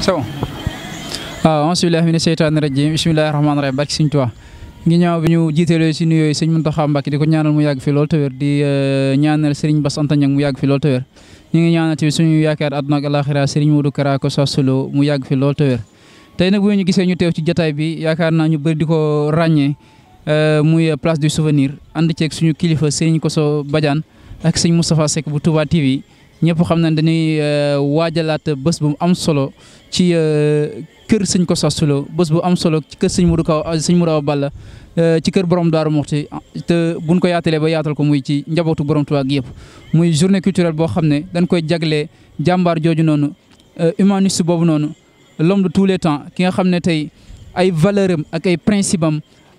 c'est bon waaw bismillah mina seytaani rajim bismillahi rahmaani rahim barki Sëriñ ñu jiitelee si nuyoo sëñ Muntaxa Mbàkke di ko ñaanal mu yàgg fi lool te wér di eh, ñaanal Serigne Bass Anta Niang mu yàgg fi lool te wér ñu ngi ñaanal ci suñu yaakaar àdduna ak alaxira Serigne Modou Kara ko sasulu mu yàgg fi lool te wér tey nag bu ñu gisee ñu teew ci jataay bi yaakaar naa ñu bëri di ko ràññee eh, muy place du souvenir ànd ceeg suñu kilifa Serigne Koso Badiane ak sëñ Moustapha Seck bu Touba ñëpp xam nañ dañuy euh, waajalaat bés bu am solo ci euh, kër sëñ ko sasulo bés bu am solo ci kër sëñ Modou Kaw euh, sëñ Modou Awa Balla ci kër borom Daaru Muxti te buñ ko yaatalee ba yaatal ko muy ci njabootu borom Tuubaa gi yëpp muy journée culturelle boo xam ne dañ koy jaglee jàmbaar jooju noonu humaniste boobu noonu l'homme de tous les temps ki nga xam ne tey ay valeur am ak ay principe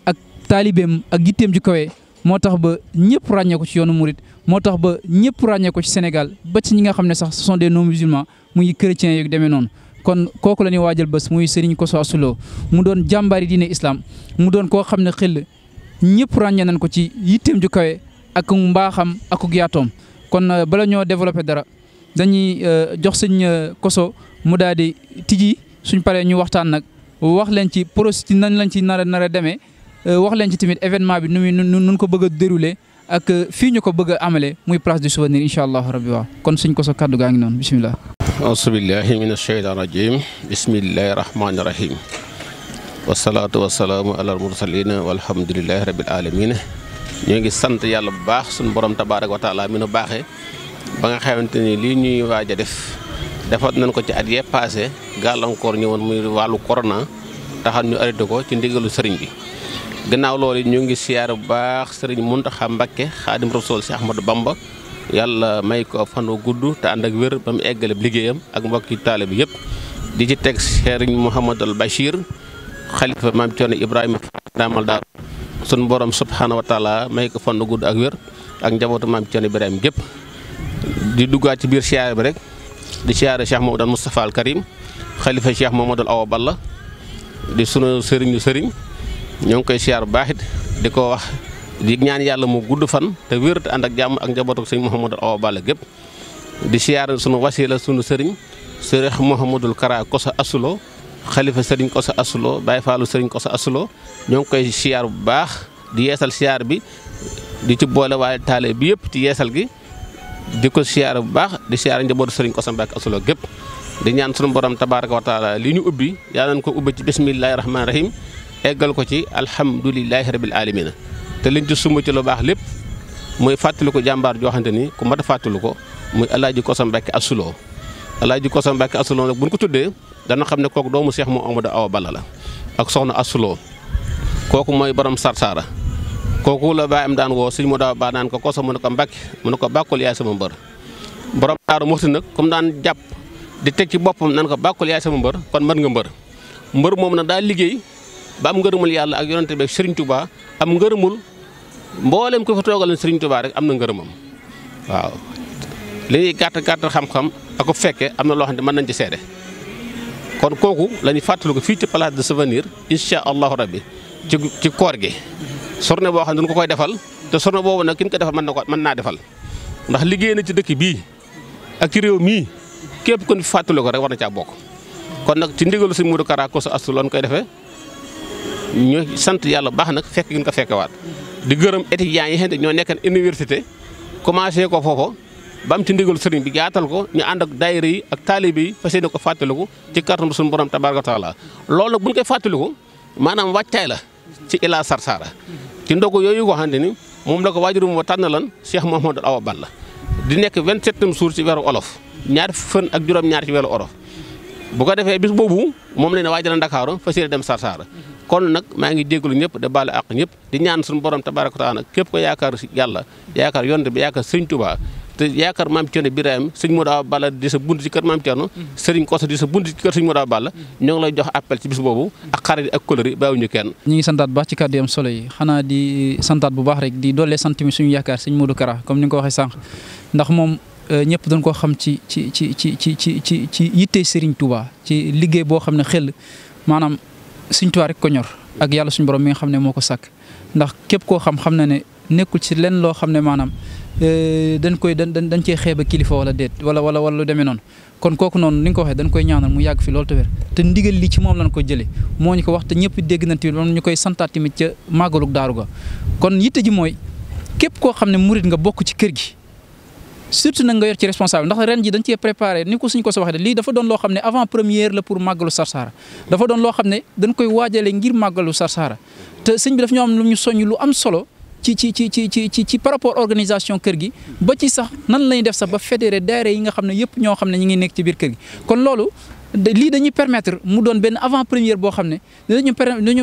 ak taalibeem ak gitteem ju kawe moo tax ba ñëpp ràññee ko ci yoonu murit moo tax ba ñëpp ràññee ko ci Sénégal ba ci ñi nga xam ne sax ce sont des non musulmans muy chrétiens yeeg demee noonu kon kooku la ñuy waajal bés muy Serigne Kosso Astou Lo mu doon jàmbaari diine islam mu doon koo xam ne xel ñëpp ràññee nañ ko ci yitteem ju kawe ak mbaaxam ak yaatoom kon euh, bala ñoo développé dara dañuy euh, jox sëñ euh, koso mu daal di tijji suñ paree ñu waxtaan nag wax leen ci procédure nan lañ ci nar a nar a demee wax leen ci tamit événement bi nu muy nu ko bëgg a déroulé. ak euh, fii ñu ko bëgg a amalee muy place du souvenir incha allah rabbi waaw kon suñ ko sa kàddu gaa ngi noonu bisimilah. asubillahi min asheytaan rajim bismillahi rahmaani rahim wasalaatu wasalaamu ala almursalina walhamdulilahi rabil ñoo ngi sant yàlla bu baax suñu borom tabaaraka wa taala mi nu baaxee ba nga xamante ni lii ñuy waaj a def defaat nañ ko ci at yee passé gàllankoor ñëwoon muy wàllu corona taxaw ñu arrêté ko ci ndigalu sëriñ bi gannaaw loolu ñu ngi siyaar bu baax sëriñ Muntaxa Mbakke xaadim rasul si Ahmadou Bamba yàlla may ko fanu gudd te ànd ak wér ba mu eggale liggéeyam ak mbokki taalibe yëpp di ci teg sëriñ Mouhamadul Bachir xalifa maam Cerno Ibrahima daamal borom subhaanahu wa taala may gudd ak wér ak njabootu maam Cerno gépp di duggaat ci biir siyaare bi rek di siyaare Cheikh Mamadou Moustapha al Karim xalifa Cheikh Mamadou Awa Balla di sunu sëriñu sëriñ ñoo ngi koy siyaar bu baax it di ko wax di ñaan yàlla mu gudd fan te wér ànd ak jàmm ak njabootu sëñ Mouhamadou Awa Balla gépp di siyaar sunu wasila sunu sëriñ sëriñ Mouhamadul Kara Kosa Asulo xalifa sëriñ Kosa Asulo Baye Fallou sëriñ Kosa Asulo ñoo ngi koy siyaar bu baax di yeesal siyaar bi di ci boole waaye taale bi yëpp ci yeesal gi di ko siyaar bu baax di siyaar njabootu sëriñ Kosa Mbacke Asulo gépp di ñaan sunu borom tabaaraka wa li ñu ubbi yàlla nañ ko ubbi ci bismillaahi rahmaani rahim eggal ko ci alhamdulilahi rabil alamina te liñ ci sumb ci lu baax lépp muy fàttali ko jàmbaar joo xamante ni ku mat a fàttali ko muy alaaji kosa mbàkke asuloo alaaji kosa mbàkke asuloo nag buñ ko tuddee dana xam ne kooku doomu seex moo amadu awa balla la ak soxna asuloo kooku mooy borom sarsaara kooku la baay am daan woo sëñ mu daaw baa naan ko ko sa mu ne ko mbàkke mu ne ko bàkkul yaay sama mbër borom daaru muxti nag comme daan jàpp di teg ci boppam nan ko bàkkul yaay sama mbër kon mën nga mbër mbër moom nag daa liggéey ba am ngërëmul yàlla ak yonante bi ak Serigne am ngërëmul mboolem ko fa toogalee Serigne Touba rek am na ngërëmam waaw li ñuy gàtt gàtt xam-xam ak ko fekkee am na loo xam ne mën nañ ci seede kon kooku lañuy ñuy ko fii ci place de souvenir incha allahu rabbi ci ci koor gi. sorne boo xam ne dañ ko koy defal te sorne boobu nag ki ko defal man na ko mën naa defal ndax liggéey na ci dëkk bii ak ci réew mii képp kon fàttaliku ko rek war na caa bokk kon nag ci ndigalu sëñ Modou Kara Kosso defee. ñu sant yàlla baax nag fekk ñu ko fekkewaat di gërëm étudiants yi xëy ñoo nekkan université commencé ko foofu ba am ci ndigal sëriñ bi jaatal ko ñu ànd ak daayira yi ak taalibe yi fas yéene ko fàttaliku ci kàttanu suñu borom tabaaraka taala loolu nag bu ñu koy fàttaliku maanaam wàccaay la ci Ila Sarsara ci ndogu yooyu ko xamante ni moom la ko waajurum wa tànn lan Cheikh Mouhamadou Awa Balla di nekk 27e suur si weeru olof ñaar fën ak juróom-ñaar weeru olof bu ko defee bis boobu moom la ne waajalee Ndakaaru fas yéene dem Sarsara kon nag maa ngi jégalu ñëpp da baalu àq ñëpp di ñaan suñu borom tabaraka taala képp ko yaakaar yàlla yaakaar yonte bi yaakaar sëñ Tuubaa te yaakaar maam Cerno Birahim sëñ Moodu Awa Balla di sa bunt ci kër maam Cerno sëriñ Koso di sa bunt ci kër sëñ Moodu Awa Balla ñoo ngi lay jox appel ci bis boobu ak xarit ak kóllëre bàyyiwuñu kenn ñi ngi santaat bu baax ci kàddu yam solo yi xanaa di santaat bu baax rek di doolee sant mi suñu yaakaar sëñ Moodu Kara comme ni nga ko waxee sànq ndax moom euh, ñëpp dañ koo xam ci ci ci ci ci ci ci ci yitte sëriñ Tuubaa ci liggéey boo xam ne xel maanaam Sëñ Tuubaa rek ko ñor ak yàlla suñ borom mi nga xam ne moo ko sàkk ndax képp koo xam xam na ne nekkul ci lenn loo xam ne maanaam euh, dañ koy dan dañ cee xeeba kilifa wala deet wala wala wala demee noonu kon kooku noonu ni nga ko waxee dañ koy ñaanal mu yàgg fi loolu te wér te ndigal li ci moom lañ ko jëlee moo ñu ko wax te ñëpp dégg nañ tamit ñu koy santaat tamit ca màggalug daaru ga kon yitte ji mooy képp koo xam ne murit nga bokk ci kër gi surtout nag nga yor ci responsable ndax ren ji dañ cee préparé ni ko suñ ko sa waxee lii dafa doon loo xam ne avant première la pour màggalu Sarsara dafa doon loo xam ne dañ koy waajale ngir màggalu Sarsara te sëñ bi daf ñoo am lu ñu soññ lu am solo ci ci ci ci ci ci par rapport organisation kër gi ba ci sax nan lañu def sax ba fédéré daayira yi nga xam ne yëpp ñoo xam ne ñu ngi nekk ci biir kër gi kon loolu lii dañuy permettre mu doon benn avant première boo xam ne dañu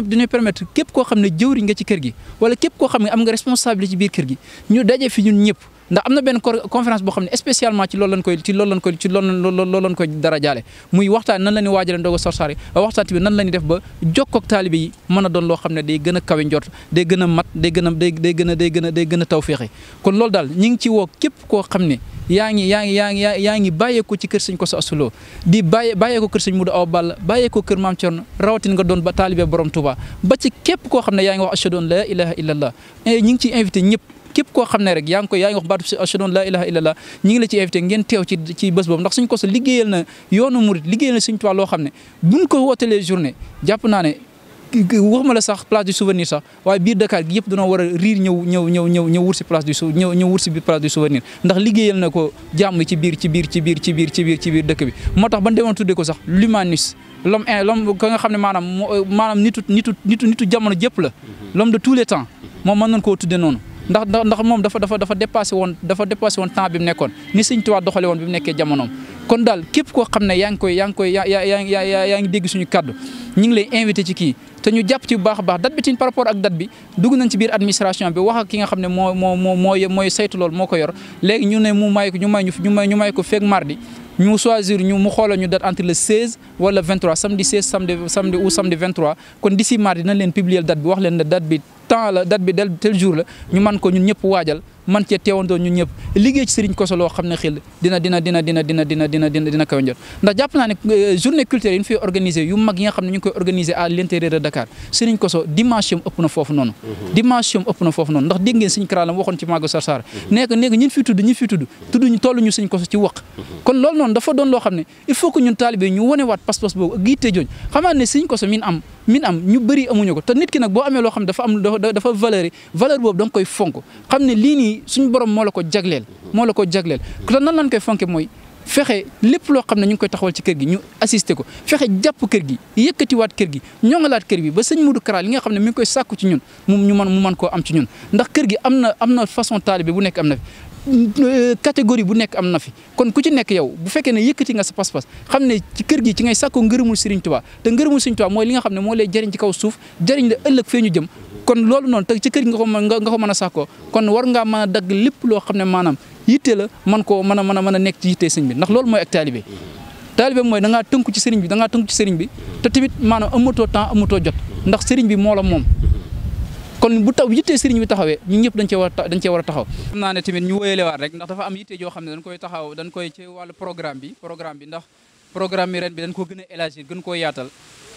dañuy permettre képp koo xam ne jëwriñ nga ci kër gi wala képp koo xam ne am nga responsabilité ci biir kër gi ñu daje fi ñun ñëpp ndax am na benn conférence boo xam ne spécialement ci loolu lañ koy ci loolu lañ koy ci loolu loolu lañ koy a jaale muy waxtaan nan la ñuy waajalee ndogu Sarsara waxtaan bi nan la ñuy def ba jokkoo ak taalibe yi loo xam ne day gën a kawe njort day gën a mat day gën a day day gën a day gën day gën a taw féexe kon loolu daal ñu ngi ci woo képp koo xam ne yaa ngi yaa ngi yaa ngi yaa ngi bàyyeekoo ci kër sëñ Kosso Astou Lo di bàyyee bàyyeekoo kër sëñ Modou Awa Balla bàyyeekoo kër Maam Cerno rawatin nga doon ba taalibe borom Touba ba ci képp koo xam ne yaa ngi wax ashhadu an la ilaha illallah eh, ñu ci invité ñëpp képp koo xam ne rek yaa ngi koy yaa ngi wax la ci invité ngeen teew ci ci bés boobu ndax suñ ko sa liggéeyal na yoonu murit liggéeyal na Sëriñ Tuubaa loo xam ne buñ ko wootelee journée jàpp naa ne waxuma la sax place du souvenir sax waaye biir Dakar gi yëpp danoo war a riir ñëw ñëw ñëw ñëw ñëw wut si place du sou ñëw ñëw wut si biir place du souvenir ndax liggéeyal na ko jàmm ci biir ci biir ci biir ci biir ci biir ci biir dëkk bi moo tax ban demoon tudde ko sax l'humaniste l'homme l'homme ka nga xam ne maanaam maanaam nitu nitu nitu nitu jamono jëpp la mhm. l'homme de tous le temps mhm. moom mën nañ koo tudde noonu ndax ndax moom dafa dafa dafa dépassé woon dafa dépassé woon temps bi mu nekkoon ni Sëñ Tuubaa doxale woon bi mu nekkee jamonoom kon daal képp koo xam ne yaa ngi koy yaa ngi koy yaa yaa yaa ngi dégg suñu kaddu ñu ngi lay invité ci kii te ñu jàpp ci bu baax a baax date bi tin par rapport ak date bi dugg nañ ci biir administration bi wax ak ki nga xam ne moo moo moo mooy saytu loolu moo ko yor léegi ñu ne mu may ñu may ñu may ñu may ko feeg mardi ñu choisir ñu mu xoolal ñu date entre le 16 wala 23 samedi 16 samedi samedi ou samedi 23 kon d'ici mardi nañ leen publier date bi wax leen ne date bi temps la date bi del tel jour la ñu man ko ñun ñëpp waajal man cee teewandoo ñun ñëpp liggéey ci Serigne loo xam ne xel dina dina dina dina dina dina dina dina dina ndax jàpp naa ne euh, journée culturelle yi ñu fiy mag yi xam ne ñu koy organiser à l'intérieur de Dakar Serigne Kosso dimension ëpp na foofu noonu mhm. dimension ëpp na foofu noonu ndax dégg ngeen Serigne Karalam ci Magal Sarsara mhm. nekk nekk fi tudd ñun fi tudd tudd ñu ñu Serigne Kosso ci wax mhm. kon loolu noonu dafa doon loo xam ne il min am ñu bëri amuñu ko te nit ki nag boo amee loo xam ne dafa am dafa valeur valeur boobu da koy fonk xam ne lii nii suñu boro moo la ko jagleel moo la ko jagleel te nan lañ koy fonke mooy fexe lépp loo xam ne ñu ngi koy taxawal ci kër gi ñu assisté ko fexe jàpp kër gi yëkkatiwaat kër gi ñoŋalaat kër bi ba sëñ Modou Kara li nga xam ne mi ngi koy sàkku ci ñun mu ñu man mu man am ci ñun ndax kër gi am na am na façon taalibe bu nekk am na fi Euh, catégorie bu nekk am na fi kon ku ci nekk yow bu fekkee ne yëkkati nga sa pas-pas xam ne ci kër gi ci ngay sàkko ngërëmul Serigne Touba te ngërëmul Serigne mooy li nga xam ne moo lay jëriñ ci kaw suuf jëriñ la ëllëg fee ñu jëm kon loolu noonu te ci kër gi nga ko nga ko a sàkkoo kon war ngaa mën a dagg lépp loo xam ne maanaam yitte la man koo mën a mën mën a nekk ci yitte sëñ bi ndax loolu mooy ak taalibe taalibe mooy da ngaa tënku ci sëriñ bi da ngaa tënku ci sëriñ bi te tamit maanaam amatoo temps amatoo jot bi moo moom kon bu taw yittee sëriñ bi taxawee ñun ñëpp dañ cee war dañ cee war a taxaw ne tamit ñu wéyalewaat rek ndax dafa am yitte joo xam ne dañ koy taxaw dañ koy ci wàllu programme bi programme bi ndax programme bi ren bi dañ ko gën a élargir gën ko yaatal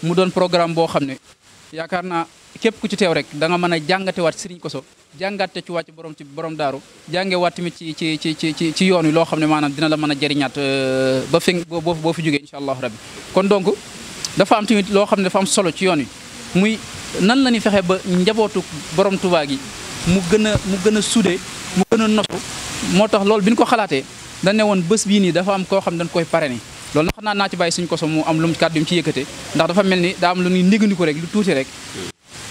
mu doon programme boo xam ne yaakaar naa képp ku ci teew rek danga nga mën a jàngatewaat sëriñ Koso jàngate ci wàcc borom ci borom daaru jàngewaat tamit ci ci ci ci ci yoon wi loo xam ne maanaam dina la mën a jëriñaat euh, ba fi boo fi jógee incha allahu rabbi kon donc dafa am tamit loo xam ne dafa am solo ci yoon wi muy nan la ñuy fexe ba njabootu borom Touba gi mu gën a mu gën a sude mu gën a nosu moo tax loolu bi ñu ko xalaatee dañ ne woon bés bii nii dafa am koo xam dañ koy pare ni loolu na xam naa naa baay bàyyi ko koso mu am lu mu kàddu mu ci yëkkate ndax dafa mel ni daa am lu ñuy ndigandiku rek lu tuuti rek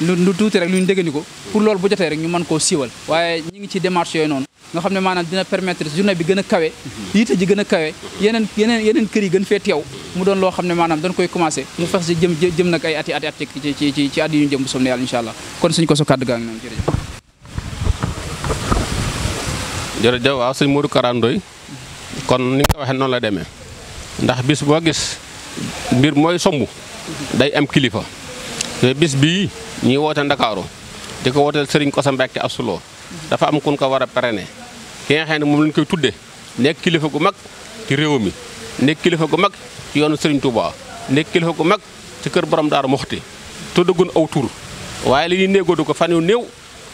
lu lu tuuti rek lu ñu dégg ko pour loolu bu jotee rek ñu man koo siwal waaye ñu ngi ci démarche yooyu noonu nga xam ne maanaam dina permettre journée bi gën a kawe yitte ji gën a kawe yeneen yeneen yeneen kër yi gën fee teew mu doon loo xam ne maanaam dañ koy commencé mu fex si jëm jëm nag ay ati ati at ci ci ci ci jëm bu soobee yàlla incha allah kon suñ ko so kàddu gaa ngi noonu jërëjëf jërëjëf waaw sëñ Modou Kara Ndoye kon ni nga ko waxee noonu la demee ndax bis boo gis mbir mooy somb day am kilifa ñuy woote ndakaaru di ko wooteel Serigne Kosa a Assuloo dafa am kun ko war a parrainé ki nga xam moom lañ koy tudde nekk kilifa gu mag ci réew mi nekk kilifa gu mag ci yoonu Serigne Touba nekk kilifa gu mag ci kër borom Daaru Moxti tuddagun aw tur waaye li ñuy néegoodu ko fan yu néew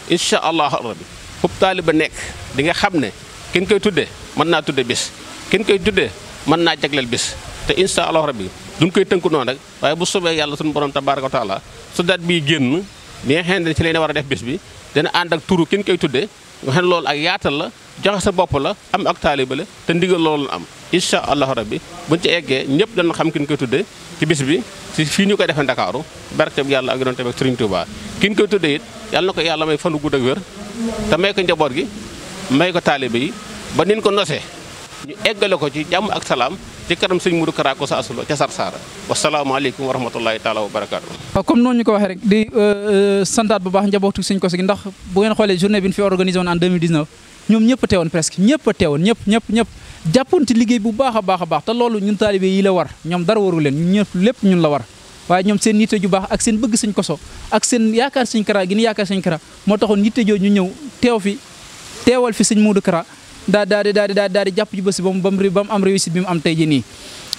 incha allah rabbi fub taaliba nekk di nga xam ne kenn koy tudde mën naa tudde bis kenn koy tudde mën naa jagleel bis te incha allah rabbi duñ koy tënku noon rek waaye bu sobee yàlla suñu borom tabaaraka wa taala su dat bii génn bi nga xam ne ci lañ war a def bis bi dana ànd ak turu kin koy tuddee nga xam ne ak yaatal la joxe sa bopp la am ak taaliba la te ndigal loolu am incha allahu rabbi buñ ci eggee ñëpp dana xam kin koy tuddee ci bis bi ci fii ñu koy defee ndakaaru barke bi yàlla ak yonent bi ak Sëriñ Tuubaa kin koy tuddee it yàlla na ko yàlla may fanu gudd ak wér te may ko njaboot gi may ko taaliba yi ba nin ko nosee ñu eggale ko ci jàmm ak salaam ci kanam sëñ Modou Kara Kosso Astou Lo ca Sarsara wasalaamaaleykum wa rahmatullahi taala wa barakaatu comme noonu ñu ko waxee rek di euh, euh, santaat bu baax njabootu sëñ Kosso gi ndax bu ngeen xoolee journée bi ñu fi organisé woon en 2019 ñoom ñëpp a teewoon presque ñëpp a teewoon ñëpp ñëpp ñëpp liggéey bu baax a baax a baax te loolu ñun taalibe yi la war ñoom dara waru leen lépp ñun la war waaye ñoom seen yitte ju baax ak seen bëgg sëñ Kosso ak seen yaakaar sëñ Kara gi ni yaakaar sëñ Kara moo taxoon yitte jooju ñu ñëw teew fi teewal fi sëñ Modou Kara daa daa di daa di daa di jàpp ci bés ba mu ba mu am réussite bi mu am tey jii nii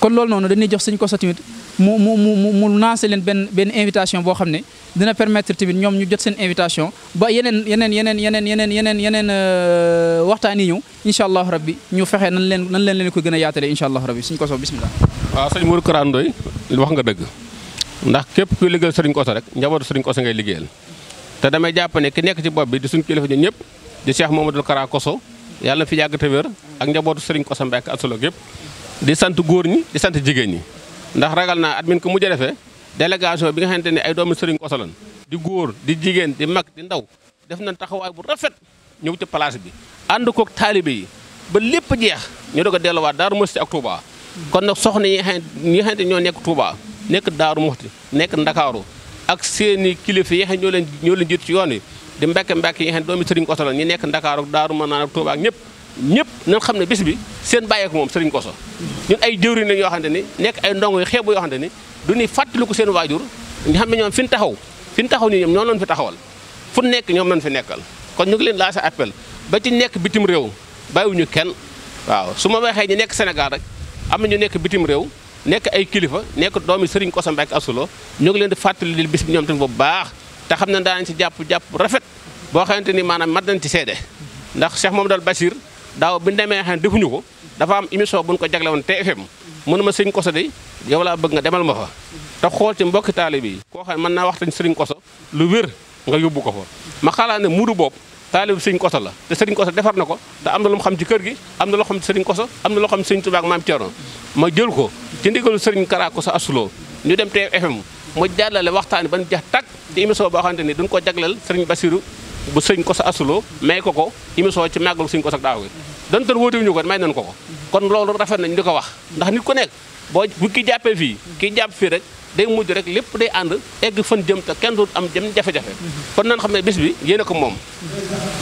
kon loolu noonu dañuy jox sëñ Kosso tamit mu mu mu mu mu lancé leen benn benn invitation boo xam ne dina permettre tamit ñoom ñu jot seen invitation ba yeneen yeneen yeneen yeneen yeneen yeneen yeneen euh, waxtaan yi ñëw incha allahu rabbi ñu fexe nan leen nan leen leen ko gën a yaatale incha allahu rabbi sëñ Kosso bisimilah. waaw sëñ Mourou Kara Ndoye wax nga dëgg ndax képp kuy liggéeyal sëriñ Kosso rek njabootu sëriñ Kosso ngay liggéeyal te damay jàpp ne ki nekk ci bopp bi di suñu kilifa ñun ñëpp di Cheikh Mamadou Kara Kosso yàlla fi yàgg te wér ak njabootu sëriñ Kosso Mbacké ak solo yëpp di sant góor ñi di sant jigéen ñi ndax ragal naa at min ko mujj a defee délégation bi nga xamante ne ay doomu sëriñ Kosso lan di góor di jigéen di mag di ndaw def nañ taxawaay bu rafet ñëw ci place bi ànd kook taalibe yi ba lépp jeex ñu doog ko delluwaat Daaru Musti ak Touba kon nag soxna yi nga ñoo nekk Touba nekk Daaru Musti nekk Ndakaaru ak seeni kilifa yi nga xam ñoo leen ñoo leen jiitu ci yoon yi di mbekk mbekk yi nga xam ne doomi sëriñ Koso la ñu nekk Ndakaaru ak Daaru Manaan ak Tuubaa ak ñëpp ñëpp nañ xam ne bis bi seen bàyyeeku moom sëriñ Koso ñun ay jëwriñ lañ yoo xam ne ni ay ndongo yu xeebu yoo xam ne ni du ñuy seen waajur nga xam ne ñoom fi ñu taxaw fi ñu taxaw nii ñoom ñoo leen fi taxawal fu nekk ñoom lañ fi nekkal kon ñu ngi leen laa sa appel ba ci nekk bitim réew bàyyiwuñu kenn waaw su ma waxee ñu nekk Sénégal rek am na ñu nekk bitim réew nekk ay kilifa nekk doomi sëriñ Koso Mbàkke Astu Lo ñu ngi leen di fàttali bis bi ñoom tamit bu baax te xam ne daañu si jàpp jàpp rafet boo xamante ni maanaam mat nañ ci seede ndax moom Mamadou Bachir daaw bi ñu demee xam ne defuñu ko dafa am émission bu ñu ko jagle woon TFM mënu ma sëñ koso de yow laa bëgg nga demal ma fa te xool ci mbokki taalibe yi koo xam ne mën naa waxtañ sëriñ koso lu wér nga yóbbu ko fa ma xalaa ne mudu boobu taalibe sëriñ koso la te sëriñ koso defar na ko te am na lu mu xam ci kër gi am na loo xam ci sëriñ koso am na loo xam ci sëriñ Tuubaa ak ma jël ko ci ndigalu sëriñ Kara Koso asuloo ñu dem TFM mu jàllale waxtaan ban jeex takk ci émission boo xamante ni duñ ko jagleel sëriñ Basiru bu sëñ ko sa asuloo may ko ko émission ci màggalu sëñ ko sa daaw gi donte wóotewuñu ko may nañ ko ko kon loolu rafet nañ di ko wax ndax nit ko nekk boo bu ki jàppee fii ki jàpp fii rek day mujj rek lépp day ànd egg fan jëm te kenn du am jëm jafe-jafe kon nan xam ne bis bi yéen a ko moom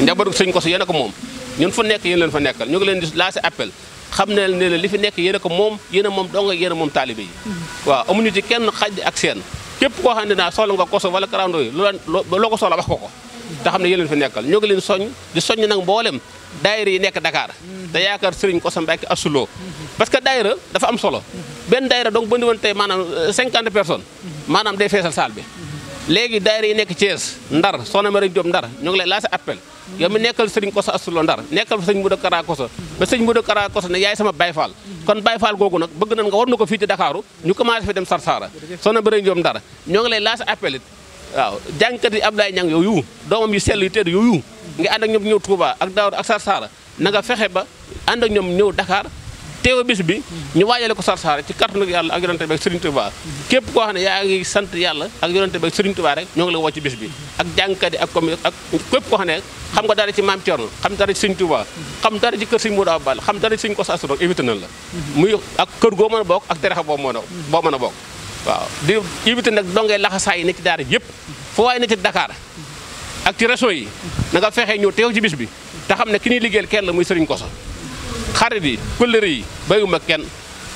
njabootu sëñ ko sa yéen a ko moom ñun fu nekk yéen leen fa nekkal ñu ngi leen di lancé appel xam ne ne li fi nekk yéen ko moom yéen moom dong yéen moom taalibe yi waaw amuñu ci kenn xaj ak seen képp koo xam ne naa soxla nga koso wala karando yi loo ko soxla wax ko ko te xam ne yéen leen fi nekkal ñoo ngi leen soññ di soññ nag mboolem daayira yi nekk Dakar te yaakaar Serigne Kosso Mbacké Astou Lo parce que daayira dafa am solo benn daayira donc ba ndi woon tey maanaam euh, cinquante personnes maanaam day feesal saal bi léegi daayira yi nekk Thiès Ndar Soxna Mari Diop Ndar ñoo ngi lay lancé appel yow mi nekkal sëriñ Koso Astulo Ndar nekkal fa sëñ Mudu Kara Koso ba sëñ Mudu Kara Koso ne yaay sama bayfaal kon bayfaal googu nag bëgg nan nga war na ko fii ci Dakaaru ñu commencé fi dem Sarsara soxna Bëre Njoom Ndar ñoo ngi lay laas appel it waaw jàngkat yi Ablaye Ñang yooyu doomam yu sell yu tedd yooyu nga ànd ak ñoom ñëw Touba ak Daawar ak Sarsara na nga fexe ba ànd ak ñoom ñëw dakaar teewa bis bi ñu waajale ko Sarsara ci kàttanu yàlla ak yonante bi ak Serigne Touba képp koo xam ne yaa ngi sant yàlla ak yonante bi ak Serigne Touba ñoo ngi la woo ci bis bi ak jàngkat yi ak commune ak képp koo xam ne xam nga dara ci Maam Thierno xam dara ci Serigne Touba xam dara ci kër Serigne Modou Abal xam dara ci Serigne Kossa Asro évité la muy ak kër goo mën a bokk ak terexa boo mën a boo a bokk waaw di évité dongee laxasaay yi ne ci daara yëpp foo waaye ne ci ak ci réseau yi na nga fexee ñëw teew ci bis bi te xam ne ki ñuy liggéeyal kenn la muy Serigne Kossa xarit yi pëllëri yi bayuma kenn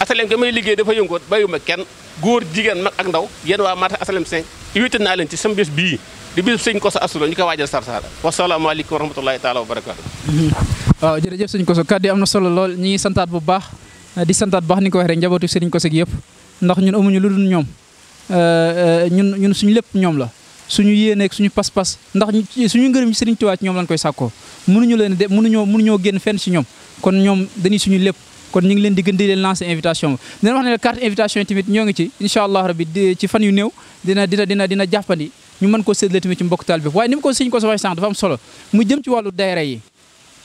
asalem ga may liggéey dafa yëngoot bayuma kenn góor jigéen mag ak ndaw yéen waa maata asalem 5 invité naa leen ci sam bés bii di bés sëñ Koso Astou Lo ñu ko waajal Sarsara wasalaamaaleykum wa rahmatulahi taala wa barakaatu waaw jërëjëf sëñ Koso kàddu yi am na solo lool ñu ngi santaat bu baax di santaat bu baax ni ko waxee rek njabootu sëriñ Koso gi yëpp ndax ñun amuñu lu dul ñoom euh, euh, ñun ñun suñu lépp ñoom la suñu yéene ak suñu pas-pas ndax suñu ngërëm ci Sëriñ Tuubaa ci ñoom lañ koy sàkkoo mënuñu leen de mënuñoo mënuñoo génn fenn ci ñoom kon ñoom dañuy suñu lépp kon ñu ngi leen di gën di leen lancer invitation bi dina wax ne carte invitation yi tamit ñoo ngi ci incha allah rabbi ci fan yu néew dina dina dina dina jàppandi ñu mën koo séddale tamit ci mbokk taal bi waaye ni mu ko sëñ ko sa mu jëm ci wàllu daayira yi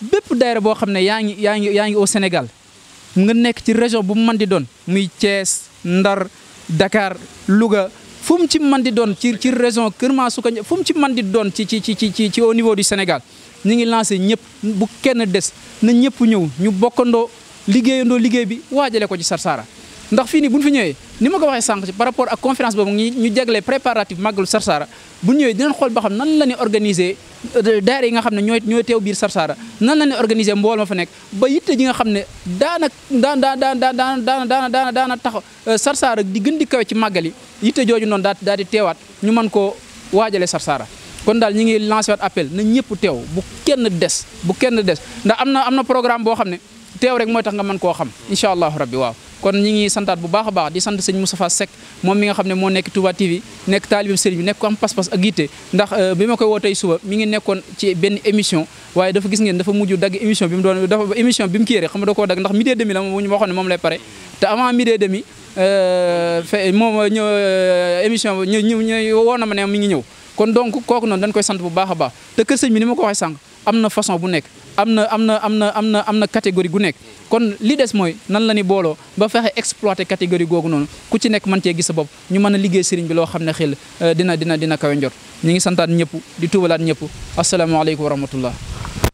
bépp daayira boo xam ne yaa ngi yaa ngi yaa ngi au Sénégal nga nekk ci région bu mu mën di doon muy Thiès Ndar Dakar Louga fu ci man di doon ci ci région Kër Masuka fu mu ci man di doon ci ci ci ci ci au niveau du Sénégal ni ngi lancé ñëpp bu kenn des na ñëpp ñëw ñu bokkandoo liggéeyandoo liggéey bi waajale ko ci Sarsara ndax fii nii bu ñu fi ñëwee ni ma ko waxee sànq ci par rapport ak conférence boobu ñu ñu jaglee préparatif màggalu Sarsara bu ñu ñëwee xool ba xam nan la ñuy organiser euh, daara yi nga xam ne ñooy ñooy teew biir Sarsara nan la ñuy organiser mbool ma fa nekk ba yitte ji nga xam ne daana daan daan daan daan daan daan daan daana tax euh, Sarsara di gën di kawe ci màggal yi yitte jooju noonu daa daal di teewaat ñu man koo waajalee Sarsara kon daal ñu ngi lancé waat appel na ñëpp teew bu kenn des bu kenn des ndax am na am na programme boo xam ne teew rek mooy tax nga mën koo xam incha allahu rabbi waaw kon ñi ngi santaat bu baax a baax di sant sëñ Moustapha Seck moom mi nga xam ne moo nekk Touba TV nekk taalibam sëriñ bi nekk euh, ngi nekkoon ci benn émission waaye dafa gis ngeen dafa mujj dagg émission bi mu doon dafa émission bi mu kii rek xam nga da koo dagg ñëw émission na ma ne mi ngi ñëw kon donc kooku noonu dañ koy sant bu baax a baax te kër sëñ bi ni ma ko waxee sànq am na façon bu nekk am na am na am na am na am na catégorie gu nekk kon li des mooy nan la ni booloo ba fexe exploiter catégorie googu noonu ku ci nekk mën cee gis sa bopp ñu mën a liggéey sëriñ bi loo xam ne xel euh, dina dina dina kawe njot ñu ngi santaat ñëpp di tuubalaat ñëpp asalaamaaleykum wa rahmatullah